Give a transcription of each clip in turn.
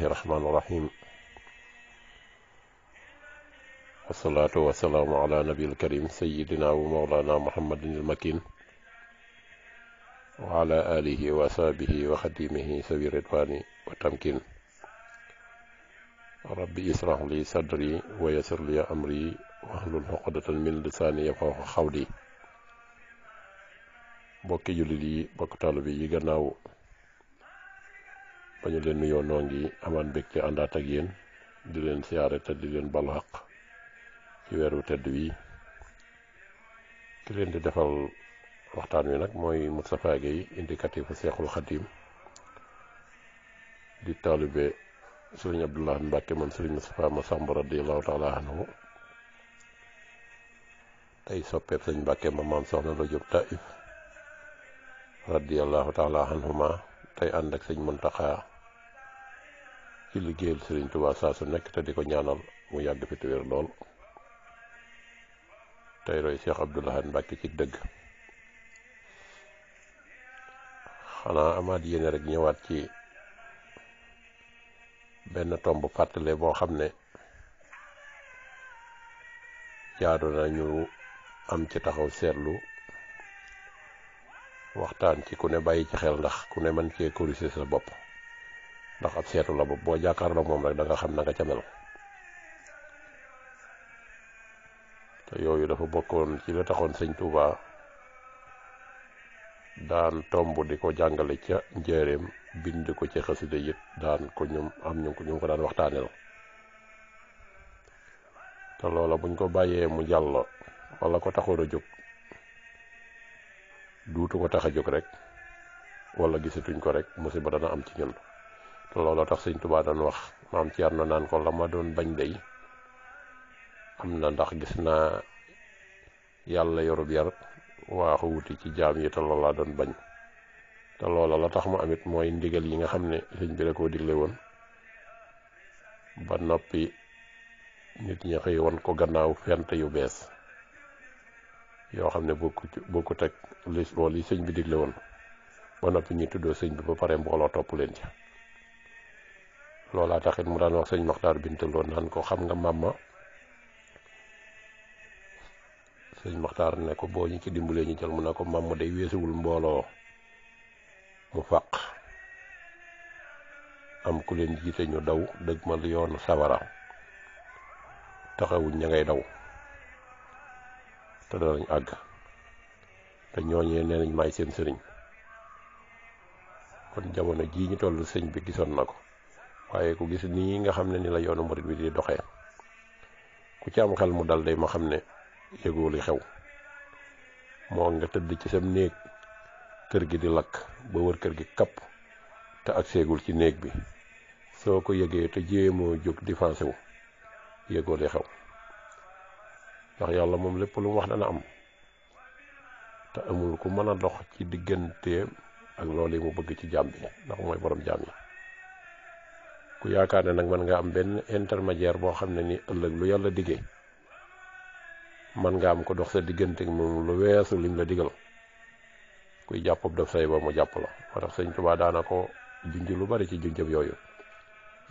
bismillahi rahmaani rahiim wasalaatu wasalaamu ala nabiil karim sayidina wa mawlana muhammadin il makin wa ala alihi wa asaabihi wa xadimihi sawi ridwaani wa tamkin rabbi israh li sadri wa yasir li amri wahlul xoqdatan min lisaani yafqahu xawli mbokki jullit yi mbokk taalibe yi gannaaw ba ñu leen nuyoo noo ngi amaan mbégte àndaat ak yéen di leen siyaare te di leen balu xaq ci weeru tedd wi ki leen di defal waxtaan wi nag mooy Moustapha Gueye indicatifu Seexul Xadim di taalibe Sëriñ Abdullah Mbàkke moom Sëriñ Moustapha Massamba radiyallahu taala anhu tey soppeeb Sëriñ Mbàkke ma maam soxna la jóg Taif radiyallahu taala anhuma tey ànd ak Sëriñ Muntaxa ci liggéey Sëriñ Tuubaa saa su nekk te di ko ñaanal mu yàgg fi te lool tey roy Cheikh Abdoul Ahad ci dëgg xanaa amaat yéene rek ñëwaat ci benn tomb fàttale boo xam ne jaadu nañu am ci taxaw seetlu waxtaan ci ku ne bàyyi ci xel ndax ku ne man cee corriger sa bopp ndax ab seetu la boobu boo jàkkaarloo moom rek danga xam na nga ca mel te yooyu dafa bokkoon ci la taxoon sëñ Touba daan tomb di ko jàngale ca njéeréem bind ko ci xasida yit daan ko ñoom am ñu ko ñu ko daan waxtaanee la te loola buñ ko bàyyee mu jàll wala ko taxoon a jóg duutu ko tax a jóg rek wala gisatuñ ko rek musiba dana am ci ñun. looloo tax sëñ tubaa doon wax maam Thierno naan ko la doon bañ day am na ndax gis naa yàlla yorub yar waaxu wuti ci jaam yi te loolaa doon bañ te loola la tax mu amit mooy ndigal yi nga xam ne sëñ bi da koo digle woon ba noppi nit ñi xëy ko gannaaw fent yu bees yoo xam ne bokku bokku teg li loolu yi sëñ bi digle woon ba noppi ñuy tuddoo sëñ bi ba pare mbooloo topp leen ci loolaa taxit mu daan wax sëñ Maxtaar bintaloo naan ko xam nga màmma sëñ Maxtaar ne ko boo ñu ci dimbalee ñu jël mu ne ko màmma day weesuwul mbooloo mu fàq am ku leen jiite ñu daw dëgg ma yoonu sawara taxawuñ ña ngay daw te danañ àgg te ñooñee nee nañ maay seen sëriñ kon jamono jii ñu toll sëñ bi gisoon na ko waaye ku gis nii nga xam ne ni la yoonu murit bi di doxee ku ci am xel mu dal day ma xam ne yëgoo li xew moo nga tëdd ci sam néeg kër gi di lakk ba wër kër gi kapp te ak seegul ci néeg bi soo ko yëgee te jéemoo jóg défensé wu yëgoo li xew ndax yàlla moom lépp lu mu wax dana am te amul ku mën a dox ci digganteem ak loolu yi mu bëgg ci jaam bi ndax mooy borom jaam yi ku yaakaar ne nag mën nga am benn intermédiaire boo xam ne nii ëllëg lu yàlla diggee mën nga am ko dox sa diggante moom lu weesu liñ la digal kuy jàppub daf say ba mu jàpp la moo tax sëñ Tuubaa daana ko junj lu bari ci junjëb yooyu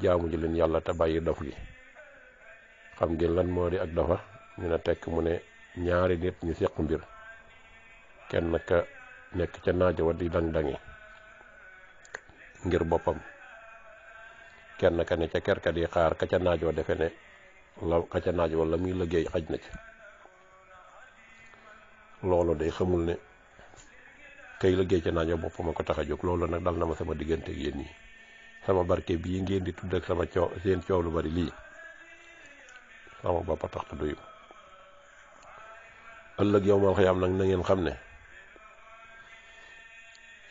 jaamu ji leen yàlla te bàyyi dof gi xam ngeen lan moo di ak dafa ñu ne tekk mu ne ñaari nit ñu seq mbir kenn ka nekk ca naajo wa di dang dangi ngir boppam kenn ka ne ca kerka di xaar ka ca naajoo defe ne la ka ca naaj wala muy liggéey xaj na ci loolu day xamul ne kay liggéey ca naajoo boppam a ko tax a jóg loolu nag dal na ma sama diggante ak yéen ñi sama barke bii ngeen di tuddak sama coow seen coow lu bari lii sama bopp a tax te doyu ëllëg yow mal xiyaam nag na ngeen xam ne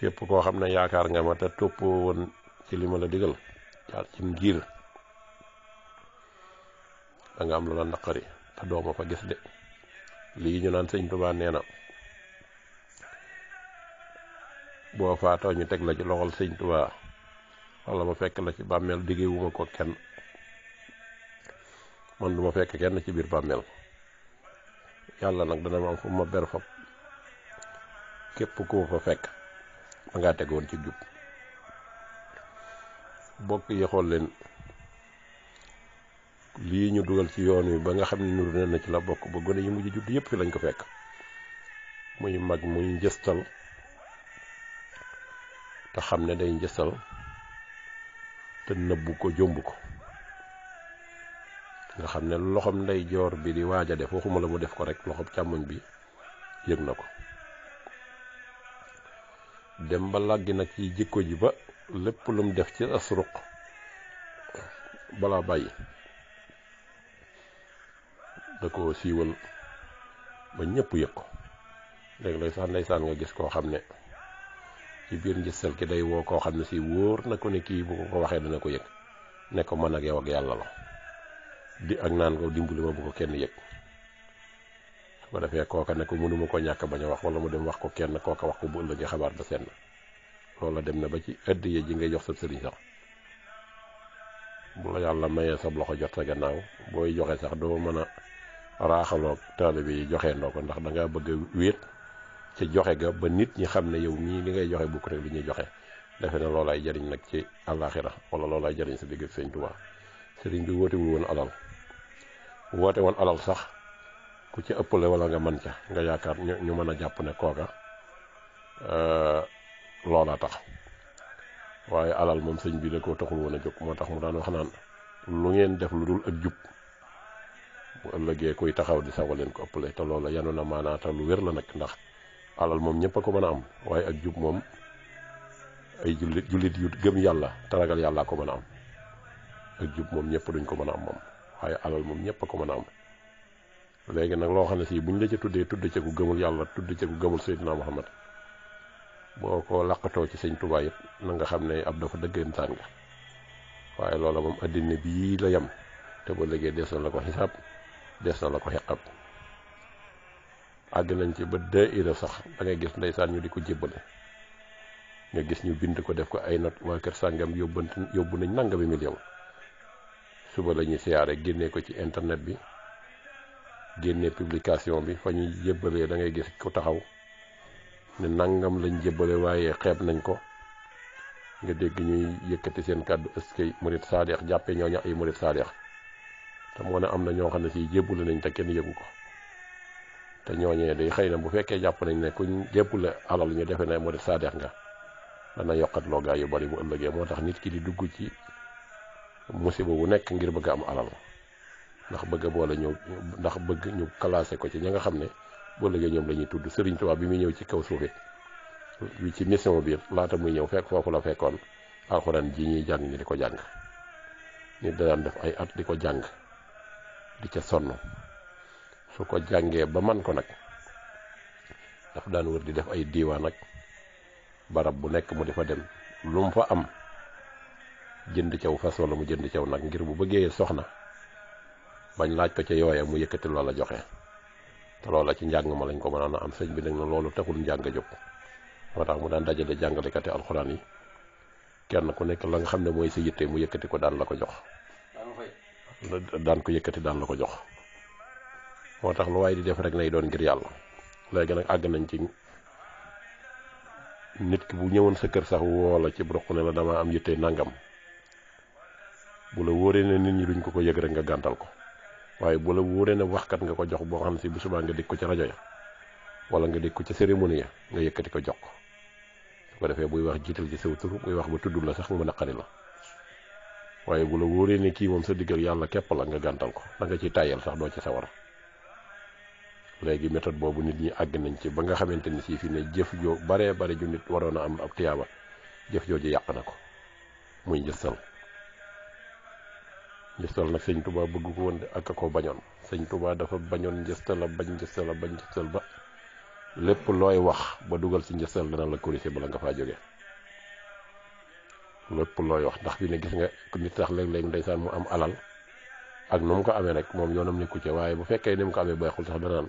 képp koo xam ne yaakaar nga ma te topp woon ci li ma la digal jaar cim diir da am lu la naqari te dooma fa gis de lii ñu naan sëñ Tuubaa nee na boo faatoo ñu teg la ci loxol sëñ Tuubaa wala ma fekk la ci bàmmeel diggewuma ko kenn man du ma fekk kenn ci biir bàmmeel yàlla nag dana ma am fu ma ber fa képp ku ma fa fekk ma ngaa tegoon ci jub bokk yi xool leen lii ñu dugal ci yoon wi ba nga xam ne nuru na ci la bokk ba gone yi mujj judd yëpp fi lañ ko fekk muy mag muy njëstal te xam ne day njëstal te nëbbu ko jomb ko nga xam ne loxoom ndey joor bi di waaj a def waxuma la mu def ko rek loxoom càmmoñ bi yëg na ko dem ba làggi nag ci jikko ji ba lépp lu mu def ci asruq balaa bàyyi da ko siiwal ba ñëpp yëg ko léegi lay sax ndeysaan nga gis koo xam ne ci biir njësal ki day woo koo xam ne si wóor na ko ne kii bu ko waxee dana ko yëg ne ko man ak yow yàlla la di ak naan ko dimbali ma bu ko kenn yëg su ko defee kooka ne ko mënuma ko ñàkk bañ a wax wala mu dem wax ko kenn kooka wax ko bu ëllëgee xabaar ba senn loola dem na ba ci addiya ji ngay jox sa sëriñ sax bu la yàlla mayee sa loxo jot sa gannaaw booy joxe sax doo mën a raaxaloog taalibe yi joxe ndoo ko ndax da bëgg a wéet ci joxe ga ba nit ñi xam ne yow mii li ngay joxe bukk rek li ñuy joxe defe na loolaay jariñ nag ci àllaaxira wala loolaay jariñ sa digg sëriñ Tuubaa sëriñ bi wootewul woon alal woote woon alal sax ku ci ëppale wala nga mën ca nga yaakaar ñu mën a jàpp ne kooka euh, loolaa tax waaye alal moom sëñ bi da koo taxul woon a jóg moo tax mu daan wax naan lu ngeen def lu dul ak jub bu ëllëgee kuy taxaw di sawa leen ko ëppale te loola yanu na lu wér la nag ndax alal moom ñëpp ko mën a am waaye ak jub moom ay jullit jullit yu gëm yàlla te yàllaa ko mën a am ak jub moom ñëpp duñ ko mën a am moom waaye alal moom ñëpp a ko mën a am léegi nag loo xam ne si buñ la ca tuddee tudd ca ku gëmul yàlla tudd ca ku gëmul Seydina Muhammad boo ko laqatoo ci sëñ Tuubaa it na nga xam ne ab dafa dëggantaan nga waaye loola moom addina bii la yam te ba léegi des na la ko xisaab des na la ko xeqab àgg nañ ci ba daayira sax dangay ngay gis ndeysaan ñu di ko jébbale nga gis ñu bind ko def ko ay not waa kër sàngam yóbbant yóbbu nañ nangami million suba la ñuy siyaare génnee ko ci internet bi génnee publication bi fa ñu yébbalee da ngay gis ku taxaw ne nangam lañ jébbale waaye xeeb nañ ko nga dégg ñuy yëkkati seen kàddu ëskay murit saadeex ñoo ñooñu ay murit saadeex te moo ne am na ñoo xam ne si jébbale nañ te kenn yëgu ko te ñooñee day xëy na bu fekkee jàpp nañ ne kuñ jébbale alal ñu defee ne murit saadeex nga dana yokkat loo gaa yu bari bu ëllëgee moo tax nit ki di dugg ci musiba bu nekk ngir bëgg am alal ndax bëgg boole ñu ndax bëgg ñu classé ko ci ña nga xam ne boo léegi ñoom la ñuy tudd Sëriñ Tuubaa bi muy ñëw ci kaw suuf bi ci mission bi laata muy ñëw fekk foofu la fekkoon alxuraan ji ñuy jàng ni di ko jàng ñu daan def ay at di ko jàng di ca sonn su ko jàngee ba man ko nag dafa daan wër di def ay diiwaan ak barab bu nekk mu di fa dem lu mu fa am jënd caw fas wala mu jënd caw nag ngir bu bëggee soxna bañ laaj ko ca yooya mu yëkkati loola joxe te loola ci njàng ma lañ ko mënoon a am sëñ bi nag na loolu taxul njàng jóg moo tax mu daan dajale jàngalekati alxuraan yi kenn ku nekk la nga xam ne mooy sa yitte mu yëkkati ko daan la ko jox daan ko daan la ko jox moo tax lu waaye di def rek nay doon ngir yàlla léegi nag àgg nañ ci nit ki bu ñëwoon sa kër sax woo la ci broq ne la dama am yitte nangam bu la wóoree ne nit ñi duñ ko ko yëg rek nga gàntal ko waaye bu la wóoree ne waxkat nga ko jox boo xam si bu subaa nga dégg ko ca rajo ya wala nga dégg ko ci cérémonie ya nga yëkkati ko jox ko su ko defee buy wax jiital ci saw tur buy wax ba tudd la sax mu naqari la waaye bu la wóoree ne kii moom sa diggal yàlla képp la nga gàntal ko da nga ciy tàyyal sax doo ci sawar léegi méthode boobu nit ñi àgg nañ ci ba nga xamante ni si fi ne jëf joo baree bare ju nit waroon a am ab tiyaaba jëf jooju yàq na ko muy njësal njëstal nag sëñ Touba bëgg ko woon de ak ko bañoon sëñ Touba dafa bañoon njëstal a bañ njëstal a bañ njëstal ba lépp looy wax ba dugal ci njëstal dana la corrigé bala nga faa jóge lépp looy wax ndax bi ne gis nga nit tax léeg-léeg ndeysaan mu am alal ak nu mu ko amee rek moom yoonam nekku ci waaye bu fekkee ni mu ko amee baaxul sax danaan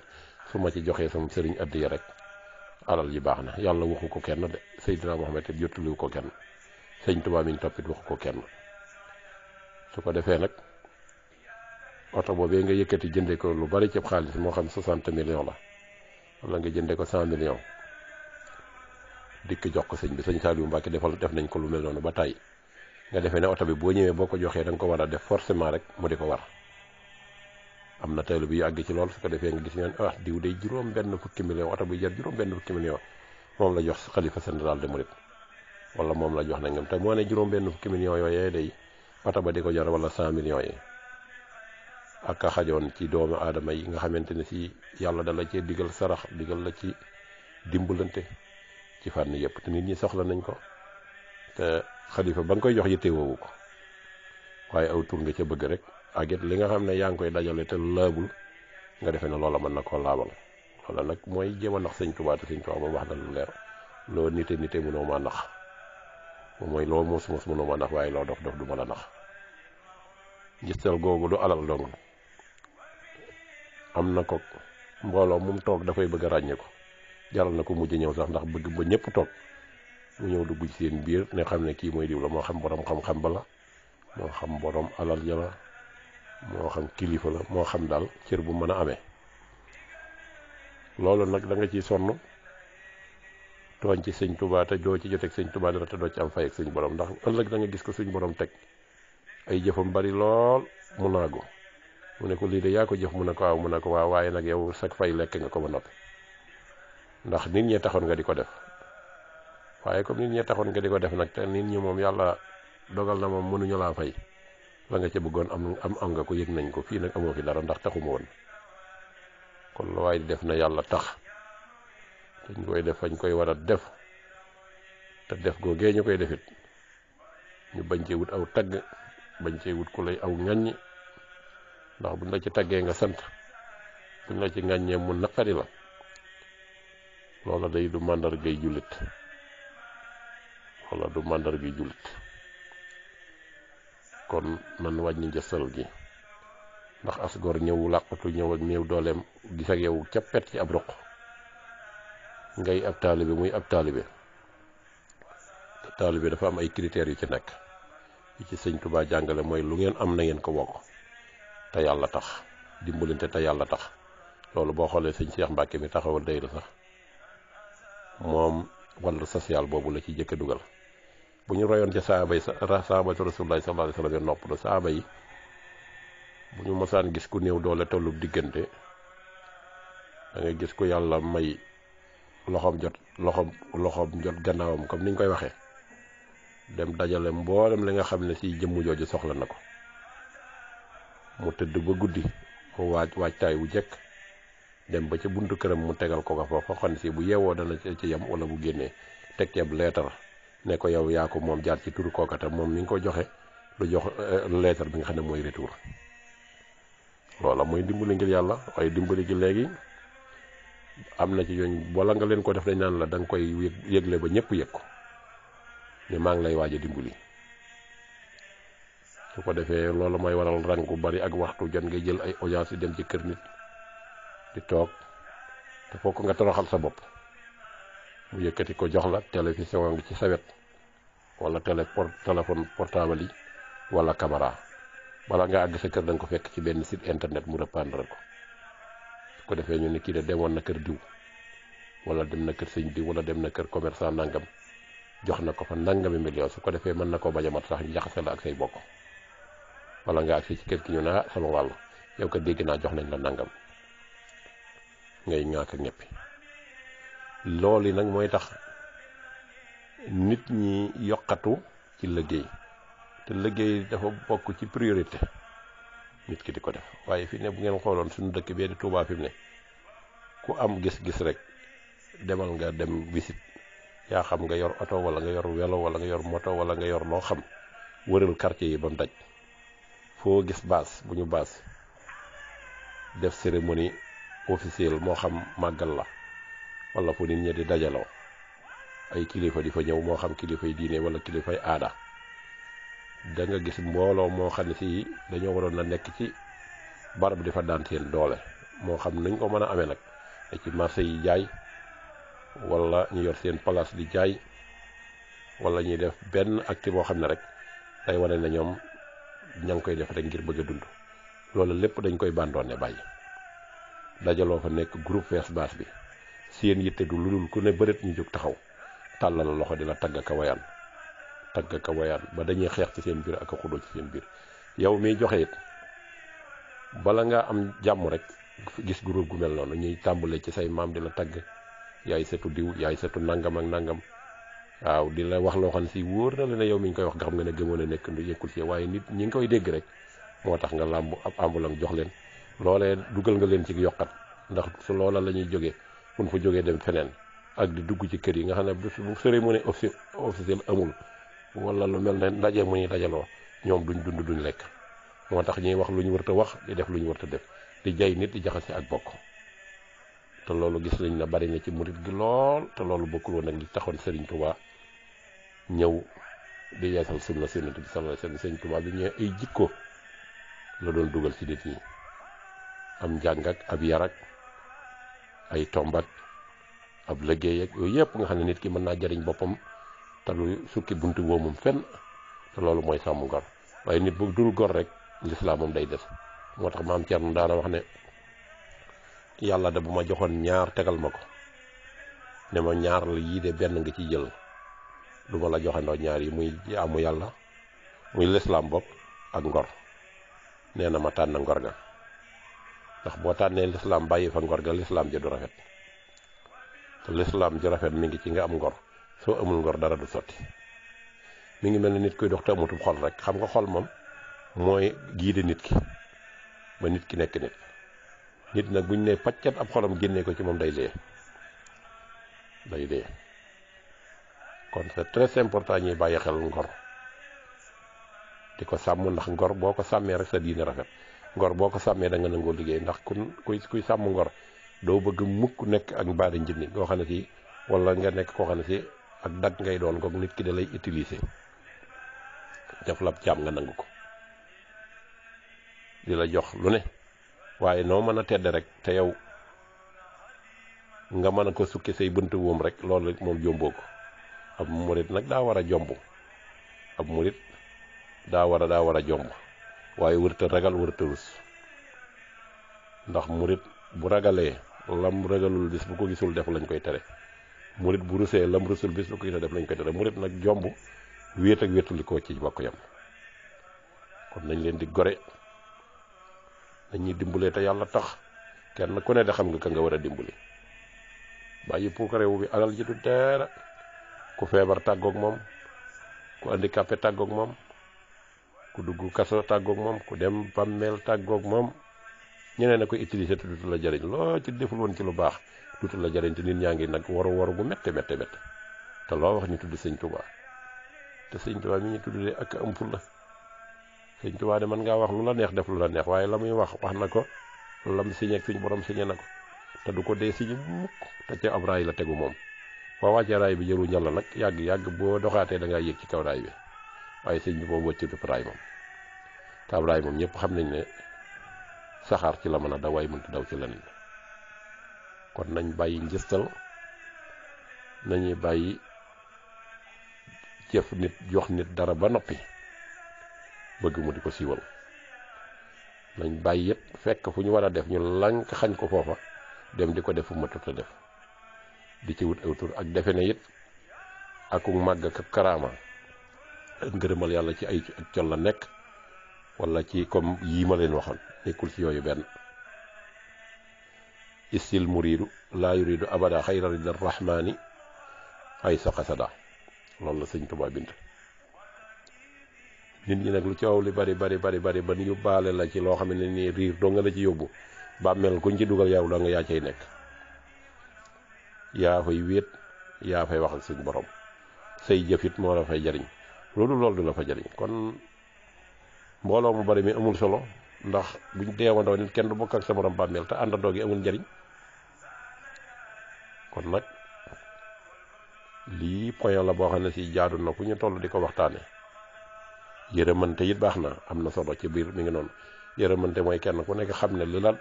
su ma ci joxee sama sëriñ addiya rek alal yi baax na yàlla waxu ko kenn de Seydina Muhammad jottaliwu ko kenn sëñ tubaa mi ñu toppit waxu ko kenn su ko defee nag oto boobee nga yëkkati jënde ko lu bari ceeb xaalis moo xam 60 millions la wala nga jënde ko 100 millions dikk jox ko sëñ bi sëñ Saliou Mbacke defal def nañ ko lu mel noonu ba tàyyi nga defee ne oto bi boo ñëwee boo ko joxee da ko war a def forcément rek mu di ko war am na taylu bi yu àgg ci lool su ko defee nga gis ñoon ah diw day juróom benn fukki million oto bi jar juróom benn fukki million moom la jox xalifa général de Mouride wala moom la jox nangam te moo ne juróom benn fukki million yooyee oto ba di ko jar wala cent millions yi ak ka xajoon ci doomu aadama yi nga xamante ne si yàlla dala cee diggal sarax diggal la ci dimbalante ci fànn yëpp te nit ñi soxla nañ ko te xalifa ba nga koy jox yitte woowu ko waaye aw tur nga ca bëgg rek ak li nga xam ne yaa ngi koy dajale te laabul nga defee ne loola man na ko laabal loola nag mooy jéem a nax sëñ Tuubaa te sëñ Tuubaa moom wax na lu leer loo nite nite mënoo maa nax mooy loo muus muus mënu ma nax waaye loo dof dof du ma la nax gistal googu du alal dong am na ko mbooloo mu toog dafay bëgg a ràññee ko jaral na ko mujj ñëw sax ndax bëgg ba ñëpp toog mu ñëw dugg ci seen biir ne xam ne kii mooy diw la moo xam borom xam-xam ba la moo xam borom alal ja la moo xam kilifa la moo xam daal cër bu mën a amee loolu nag da nga ciy sonn. tooñ ci sëñ tubaa te doo ci joteeg sëñ tubaa dara te doo ci am fay ak suñ borom ndax ëllëg da nga gis ko suñ borom teg ay jëfam bari lool mu naagu mu ne ko lii de yaa ko jëf mu ne ko waaw mu ne ko waaw waaye nag yow sag fay lekk nga ko ba noppi ndax nit ñee taxoon nga di ko def waaye comme nit ñee taxoon nga di ko def nag te nit ñi moom yàlla dogal na moom ñu laa fay la nga ca bëggoon am am am nga ko yëg nañ ko fii nag amoo fi dara ndax taxuma woon kon lu waaye di def na yàlla tax te ñu koy def fañ koy war def te def googee ñu koy defit ñu bañ cee wut aw tagg bañ cee wut ku lay aw ŋàññ ndax buñ la ci taggee nga sant buñ la ci ŋàññee mu naqari la loola day du màndargay jullit loola du màndargay jullit kon nan wàññi njësal gi ndax as gor ñëw làqatu ñëw ak néew dooleem gis ak yow ca pet ci ab roq ngay ab taalibe muy ab taalibe taalibe dafa am ay critères yu ci nekk yi ci sëñ Tuubaa jàngale mooy lu ngeen am na ngeen ko bokk te yàlla tax dimbalante te yàlla tax loolu boo xoolee sëñ Cheikh Mbacke mi taxawal day la sax moom wàllu social boobu la ci jëkk dugal bu ñu reyoon ca saaba yi saaba rasulullahi sallallahu alayhi wa sallam nopp la saaba yi bu ñu mosaan gis ku néew doole tollu diggante da nga gis ku yàlla may loxoom jot loxoom loxoom jot gannaawam comme niñ koy waxee dem dajale mboolem li nga xam ne si jëmm jooju soxla na ko mu tëdd ba guddi mu waaj waajtaay wu jekk dem ba ca buntu këram mu tegal ko ko foofa xam si bu yeewoo dana ci yem wala bu génnee teg ceeb leetar ne ko yow yaa ko moom jaar ci turu kooka te moom mi ngi ko joxe lu jox euh, leetar bi nga xam ne mooy retour loola mooy dimbali ngir yàlla waaye dimbali gi léegi. am na ci yooñ wala nga leen ko def dañ naan la danga koy koy yëgle ba ñëpp yëg ko ne maa ngi lay waaj a dimbali su ko defee loolu mooy waral rang bu bari ak waxtu jot ngay jël ay audience yi dem ci kër nit di toog te fokk nga toroxal sa bopp mu yëkkati ko jox la télévision ngi ci sawet wala télé téléphone portable yi wala caméra bala ngaa àgg sa kër da ko fekk ci benn sit internet mu reprendre ko ko defee ñu ne kii de demoon na kër diw wala dem na kër sëñ diw wala dem na kër commerçant nangam jox na ko fa nangami million su ko defee mën na koo bañ a mat sax ñu jaxase la ak say bokk wala nga agsi ci kër gi ñu ne ah, sama wàll yow ko dégg naa jox nañ la nangam ngay ñàkk ak ñëpp loolu yi nag mooy tax nit ñi yokkatu ci liggéey te liggéey dafa bokk ci priorité. nit ki di ko def waaye fi ne bu ngeen xooloon suñu dëkk bi di Touba fi ne ku am gis-gis rek demal nga dem visite yaa xam nga yor oto wala nga yor welo wala nga yor moto wala nga yor loo xam wëral quartier yi ba mu daj foo gis baas bu ñu baas def cérémonie officielle moo xam màggal la wala fu nit ñi di dajaloo ay kilifa di fa ñëw moo xam kilifay diine wala kilifay aada da nga gis mbooloo moo xam ne si dañoo waroon na nekk ci barab di fa daan seen doole moo xam nañ ko mën a amee nag da ci marché yi jaay wala ñu yor seen place di jaay wala ñuy def benn acte boo xam ne rek day wane na ñoom ña ngi koy def rek ngir bëgg a dund loolu lépp dañ koy bàndoone bàyyi dajaloo fa nekk groupe fees baas bi seen yitte du lu dul ku ne bëreet ñu jóg taxaw tàllal loxo di la tagg ka tagg ak woyaan ba dañuy xeex ci seen biir ak a xudoo ci seen biir yow miy joxe it bala ngaa am jàmm rek gis groupe gu mel noonu ñuy tàmbale ci say maam di la tagg yaay setu diw yaay setu nangam ak nangam waaw di la wax loo xam si wóor na leen ne yow mi ñu koy wax nga xam nga ne gëmoon a nekk ndu yekkul ci waaye nit ñi ngi koy dégg rek moo tax nga làmb ab ambulan jox leen loolee dugal nga leen ci yokkat ndax su loola la ñuy jógee fu ñu jógee dem feneen ak di dugg ci kër yi nga xam ne bu bu cérémonie officielle amul wala lu mel ne ndaje mu ñuy dajaloo ñoom duñ dund duñ lekk moo tax ñuy wax lu ñu wërta wax di def lu ñu wërta def di jay nit di jaxase ak bokk te loolu gis nañ ne bari na ci murit gi lool te loolu bokkul woon ak li taxoon Serigne Touba ñëw di yeesal sunna Yonent bi sallallahu alayhi wasallam Serigne Touba bi ñëwee ay jikko la doon dugal ci nit ñi am njàng ab yar ay tomb ak ab liggéey ak yooyu yëpp nga xam ne nit ki mën naa jariñ boppam. te lu sukki buntu boobu moom fenn te loolu mooy sàmm gor waaye nit bu dul gor rek lislaam moom day des moo tax maam Thierno daana wax ne yàlla da bu ma joxoon ñaar tegal ma ko ne ma ñaar yii de benn ngi ci jël du ma la joxandoo ñaar yi muy yàlla muy lislaam bopp ak ngor nee na ma tànn ngor ga ndax boo tànnee lislaam bàyyi fa ngor ga lislaam ji du rafet te lislaam ji rafet mi ngi ci nga am ngor soo amul ngor dara du sotti mi ngi mel ne nit kuy dox te amutum xol rek xam nga xol moom mooy giide nit ki ba nit ki nekk nit nit nag bu ñu nee paccat ab xolam génnee ko ci moom day dee day dee kon c'est très important ñuy bàyyi xel ngor di ko sàmm ndax ngor boo ko sàmmee rek sa diine rafet ngor boo ko sàmmee da nga nangoo liggéey ndax ku kuy kuy sàmm ngor doo bëgg mukk nekk ak mbaari njënd goo xam ne si wala nga nekk koo xam ne si ak dag ngay doon kook nit ki da lay utiliser def la jaam nga nangu ko di la jox lu ne waaye noo mën a tedde rek te yow nga mën a ko sukki say bunt woom rek loolu moom jomboo ko ab murit nag daa war a jomb ab murit daa war a daa war a jomb waaye wërta ragal wërta rus ndax murit bu ragalee lam ragalul bis bu ko gisul def lañ koy tere murit bu rusee lam rusul bis bu ko gisee def nañ ko tere murit nag jomb wéet ak wéetul ko ci bokk yam kon nañ leen di gore nañuy dimbulee te yàlla tax kenn ku ne de xam nga ka nga war a dimbali bàyyi puukare wu bi alal ji du dara ku feebar tàggook moom ku handicapé tàggoog moom ku dugg kaso tàggoog moom ku dem bàmmeel tàggoog moom ñeneen a koy utiliser te du la jëriñ loo ci deful woon ci lu baax tuuti la jariñ te nit ñaa ngi nag waru waru bu métte métte métte te loo wax ñu tudd sëñ tubaa te sëñ tubaa mi ñu tuddee ak am ful la tubaa de mën ngaa wax lu la neex def lu la neex waaye la muy wax wax na ko lam siñe ak suñ borom siñe na ko te du ko dee siñe mukk te ca ab raay la tegu moom boo wàccee raay bi jëru ñal la nag yàgg yàgg boo doxaatee da ngaa yéeg ci kaw raay bi waaye sëñ bi moom wëccatu raay moom te raay moom ñëpp xam nañ ne saxaar ci la mën a daw waaye mënut daw ci leneen kon nañ bàyyi njëstal nañuy bàyyi jëf nit jox nit dara ba noppi bëgg mu di ko siiwal nañ bàyyi yëpp fekk fu ñu war a def ñu lànk xañ ko foofa dem di ko def fu matut def di ci wut awtur ak defe ne it aku màgg ak karaama ak ngërëmal yàlla ci ay col la nekk wala ci comme yii ma leen waxoon nekkul ci yooyu benn istil muriidu laa yuridu abada xayra rida rahmaani ay sa xasada loolu la sëñ Tuubaa bind nit ñi nag lu coow li bari bari bari bari ba ñu baale la ci loo xam ne nii riir doo nga ci yóbbu bàmmeel kuñ ci dugal yow da nga yaa cay nekk yaa fay wéet yaa fay wax ak suñ borom sëy jëfit moo la fay jariñ loolu loolu du la fa jariñ kon mbooloo mu bari mi amul solo ndax buñ deewandoo nit kenn du bokk ak sa borom bàmmeel te àndandoo gi amul njariñ kon nag lii point la boo xam ne si jaadu na ku ñu toll di ko waxtaane yërëmante it baax na am na solo ci biir mi ngi noonu yërëmante mooy kenn ku nekk xam ne li la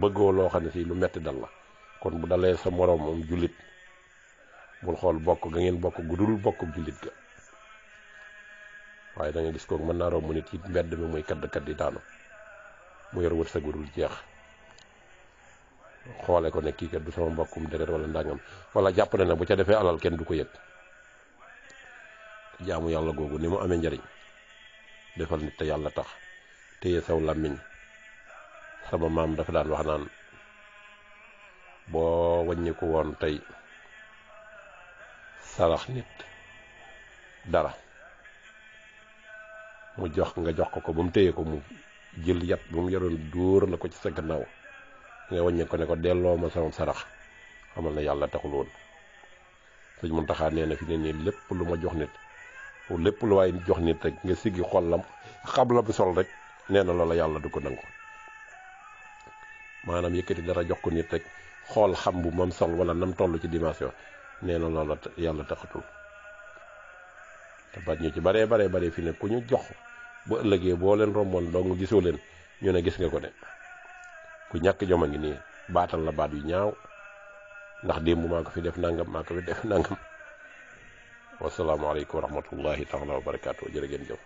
bëggoo loo xam ne si lu metti dal la kon bu dalee sa moroomam jullit bul xool bokk ga ngeen bokk gudul bokk jullit ga waaye danga gis kooku mën naa mu nit ci mbedd mi muy kadd kadd daanu mu yor sa gudul jeex xoole ko ne kii kat du sama mbokkum deret wala ndàngam wala jàpp na ne bu ca defee alal kenn du ko yëg jaamu yàlla googu ni mu amee njariñ defal nit te yàlla tax téye saw làmmiñ sama maam dafa daan wax naan boo wàññiku woon tey sarax nit dara mu jox nga jox ko ko ba mu téye ko mu jël yat ba mu yoroon dóor la ko ci sa gannaaw nga wàññi ko ne ko delloo ma sama sarax xamal na yàlla taxul woon sëñ Muntaxa nee na fi ne nii lépp lu ma jox nit lépp lu waay jox nit rek nga xool xollam xam la bu sol rek nee na loola yàlla du ko nangu maanaam yëkkati dara jox ko nit rek xool xam bu mam sol wala nam toll ci dimension nee na loola yàlla taxatul te bat ñu ci baree baree baree fi ne ku ñu jox bu ëllëgee boo leen romboon dong gisoo leen ñu ne gis nga ko de ku ñàkk jom a ngi nii baatal la baat yu ñaaw ndax démb maa ko fi def nangam maa ko fi def nangam wasalaamaaleykum wa rahmatullahi taala wa barakaatu jërë ngeen jëf